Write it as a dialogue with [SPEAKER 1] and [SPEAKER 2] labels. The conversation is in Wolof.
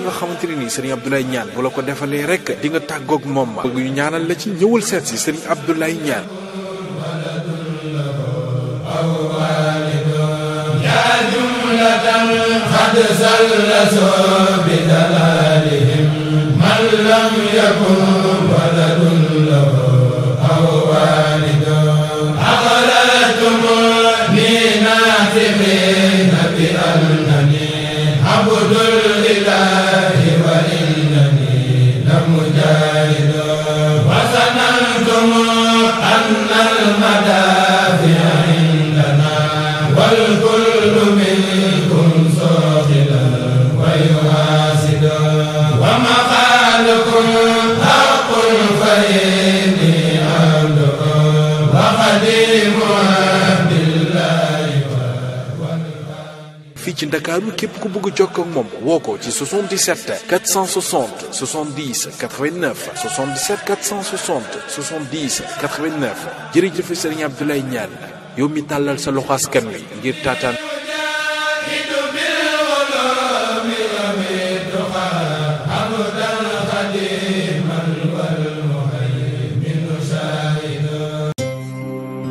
[SPEAKER 1] yi nga xamante ne nii sëriñ Abdoulaye Niane bu la ko defalee rek di nga tàggoog moom ma bëgg ñu ñaanal la ci ñëwal seet si sëriñ Abdoulaye Niane قد زلزلوا بدلالهم من لم يكن ولد له أو والد أغلتموني ناثمين بأنني عبد الإله fii ci ndakaaru képp ku bëgg jokkoo ak moom woo ko ci 77 460 70 89 77 460 70 89 jërëjëf Serigne Abdoulaye Niane yow mi tàllal sa loxo askan wi ngir taataan